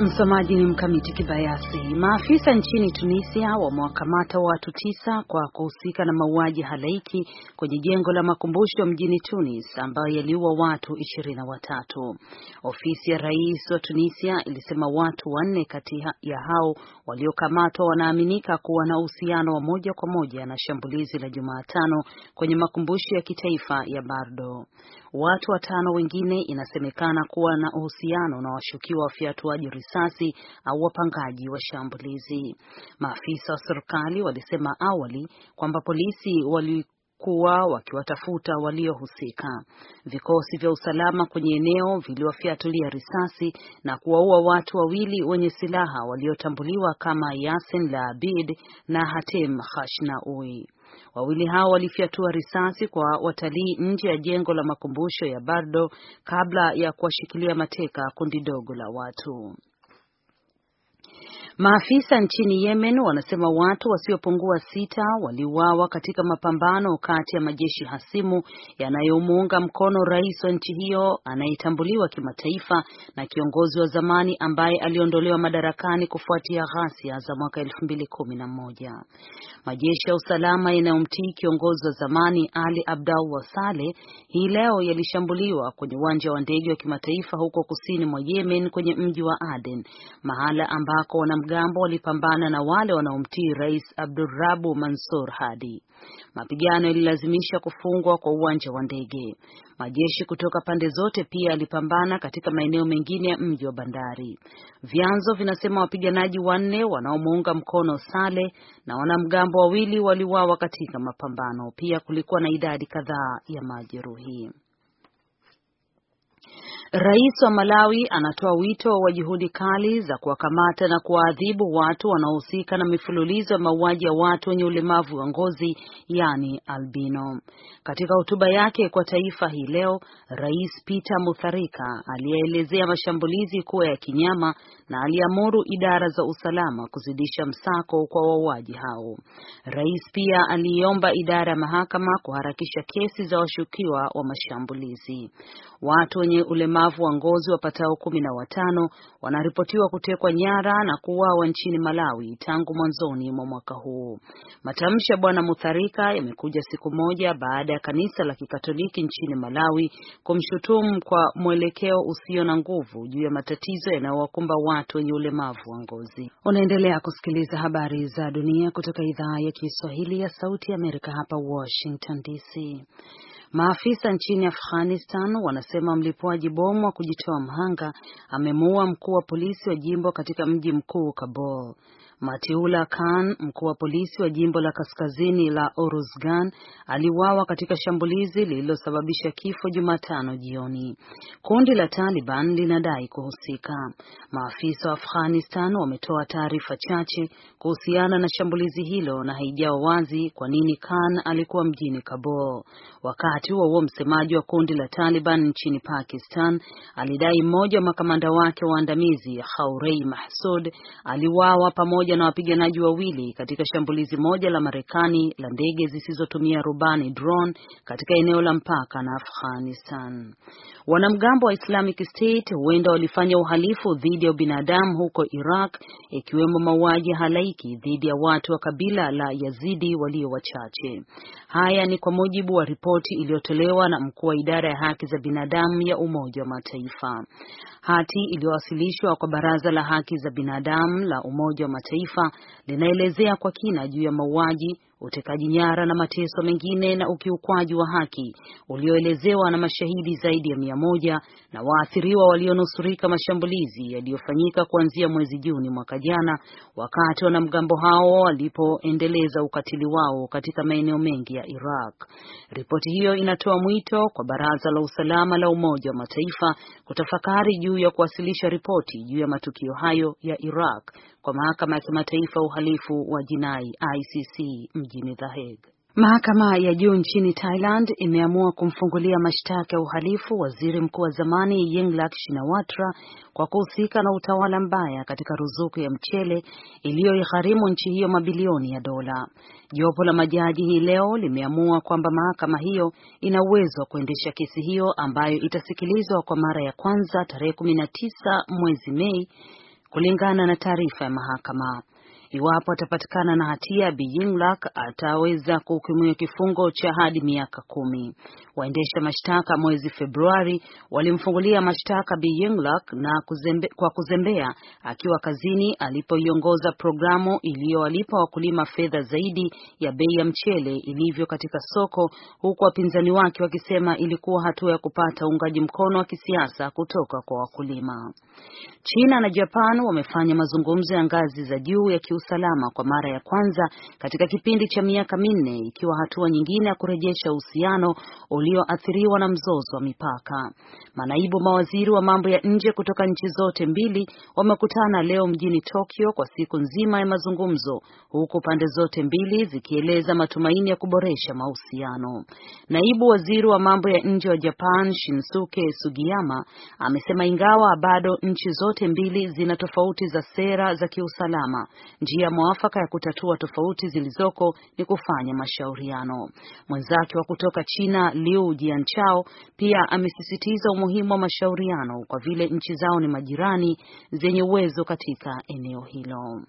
Msomaji ni Mkamiti Kibayasi. Maafisa nchini Tunisia wamewakamata watu tisa kwa kuhusika na mauaji halaiki kwenye jengo la makumbusho mjini Tunis ambayo yaliua watu ishirini na watatu. Ofisi ya rais wa Tunisia ilisema watu wanne kati ya hao waliokamatwa wanaaminika kuwa na uhusiano wa moja kwa moja na shambulizi la Jumatano kwenye makumbusho ya kitaifa ya Bardo. Watu watano wengine inasemekana kuwa na uhusiano na washukiwa wafyatuaji risasi au wapangaji wa shambulizi. Maafisa wa serikali walisema awali kwamba polisi wali kuwa wakiwatafuta waliohusika. Vikosi vya usalama kwenye eneo viliwafiatulia risasi na kuwaua watu wawili wenye silaha waliotambuliwa kama Yasin Laabid na Hatem Khashnaui. Wawili hao walifyatua risasi kwa watalii nje ya jengo la makumbusho ya Bardo kabla ya kuwashikilia mateka kundi dogo la watu. Maafisa nchini Yemen wanasema watu wasiopungua sita waliuawa katika mapambano kati ya majeshi hasimu yanayomuunga mkono rais wa nchi hiyo anayetambuliwa kimataifa na kiongozi wa zamani ambaye aliondolewa madarakani kufuatia ghasia za mwaka 2011. Majeshi ya usalama yanayomtii kiongozi wa zamani Ali Abdallah Saleh hii leo yalishambuliwa kwenye uwanja wa ndege wa kimataifa huko kusini mwa Yemen kwenye mji wa Aden, mahala ambako wana wanamgambo walipambana na wale wanaomtii Rais Abdurrabu Mansur Hadi. Mapigano yalilazimisha kufungwa kwa uwanja wa ndege. Majeshi kutoka pande zote pia yalipambana katika maeneo mengine ya mji wa bandari. Vyanzo vinasema wapiganaji wanne wanaomuunga mkono Sale na wanamgambo wawili waliuawa katika mapambano. Pia kulikuwa na idadi kadhaa ya majeruhi. Rais wa Malawi anatoa wito wa juhudi kali za kuwakamata na kuwaadhibu watu wanaohusika na mifululizo ya mauaji ya watu wenye ulemavu wa ngozi yani albino. Katika hotuba yake kwa taifa hii leo, Rais Peter Mutharika aliyeelezea mashambulizi kuwa ya kinyama na aliamuru idara za usalama kuzidisha msako kwa wauaji hao. Rais pia aliomba idara ya mahakama kuharakisha kesi za washukiwa wa mashambulizi. Watu wenye ulemavu Walemavu wa ngozi wapatao kumi na watano wanaripotiwa kutekwa nyara na kuuawa nchini Malawi tangu mwanzoni mwa mwaka huu. Matamshi ya Bwana Mutharika yamekuja siku moja baada ya kanisa la Kikatoliki nchini Malawi kumshutumu kwa mwelekeo usio na nguvu juu ya matatizo yanayowakumba watu wenye ulemavu wa ngozi. Unaendelea kusikiliza habari za dunia kutoka idhaa ya Kiswahili ya Sauti ya Amerika hapa Washington DC. Maafisa nchini Afghanistan wanasema mlipuaji bomu wa kujitoa mhanga amemuua mkuu wa polisi wa jimbo katika mji mkuu Kabul. Matiula Khan, mkuu wa polisi wa jimbo la kaskazini la Oruzgan, aliuawa katika shambulizi lililosababisha kifo Jumatano jioni. Kundi la Taliban linadai kuhusika. Maafisa wa Afghanistan wametoa taarifa chache kuhusiana na shambulizi hilo na haijawa wazi kwa nini Khan alikuwa mjini Kabul. Wakati huo huo, msemaji wa kundi la Taliban nchini Pakistan alidai mmoja wa makamanda wake waandamizi Khaurei Mahsud aliuawa pamoja pamoja na wapiganaji wawili katika shambulizi moja la Marekani la ndege zisizotumia rubani drone katika eneo la mpaka na Afghanistan. Wanamgambo wa Islamic State huenda walifanya uhalifu dhidi ya binadamu huko Iraq, ikiwemo mauaji halaiki dhidi ya watu wa kabila la Yazidi walio wachache. Haya ni kwa mujibu wa ripoti iliyotolewa na mkuu wa idara ya haki za binadamu ya Umoja wa Mataifa. Hati iliyowasilishwa kwa Baraza la Haki za Binadamu la Umoja wa Mataifa kimataifa linaelezea kwa kina juu ya mauaji, utekaji nyara na mateso mengine na ukiukwaji wa haki ulioelezewa na mashahidi zaidi ya mia moja na waathiriwa walionusurika mashambulizi yaliyofanyika kuanzia mwezi Juni mwaka jana, wakati wanamgambo hao walipoendeleza ukatili wao katika maeneo mengi ya Iraq. Ripoti hiyo inatoa mwito kwa Baraza la Usalama la Umoja wa Mataifa kutafakari juu ya kuwasilisha ripoti juu ya matukio hayo ya Iraq kwa mahakama ya kimataifa ya uhalifu wa jinai ICC mjini The Hague. Mahakama ya juu nchini Thailand imeamua kumfungulia mashtaka ya uhalifu waziri mkuu wa zamani Yingluck Shinawatra kwa kuhusika na utawala mbaya katika ruzuku ya mchele iliyoigharimu nchi hiyo mabilioni ya dola. Jopo la majaji hii leo limeamua kwamba mahakama hiyo ina uwezo wa kuendesha kesi hiyo ambayo itasikilizwa kwa mara ya kwanza tarehe 19 mwezi Mei kulingana na taarifa ya mahakama. Iwapo atapatikana na hatia, Bi Yingluck ataweza kuhukumiwa kifungo cha hadi miaka kumi. Waendesha mashtaka mwezi Februari walimfungulia mashtaka Bi Yingluck na kuzembe, kwa kuzembea akiwa kazini alipoiongoza programu iliyowalipa wakulima fedha zaidi ya bei ya mchele ilivyo katika soko, huku wapinzani wake wakisema ilikuwa hatua ya kupata uungaji mkono wa kisiasa kutoka kwa wakulima. China na Japan wamefanya mazungumzo ya ngazi za juu ya kiusalama usalama kwa mara ya kwanza katika kipindi cha miaka minne, ikiwa hatua nyingine ya kurejesha uhusiano ulioathiriwa na mzozo wa mipaka. Manaibu mawaziri wa mambo ya nje kutoka nchi zote mbili wamekutana leo mjini Tokyo kwa siku nzima ya mazungumzo, huku pande zote mbili zikieleza matumaini ya kuboresha mahusiano. Naibu waziri wa mambo ya nje wa Japan Shinsuke Sugiyama amesema ingawa bado nchi zote mbili zina tofauti za sera za kiusalama, njia mwafaka ya kutatua tofauti zilizoko ni kufanya mashauriano. Mwenzake wa kutoka China Liu Jianchao pia amesisitiza umuhimu wa mashauriano kwa vile nchi zao ni majirani zenye uwezo katika eneo hilo.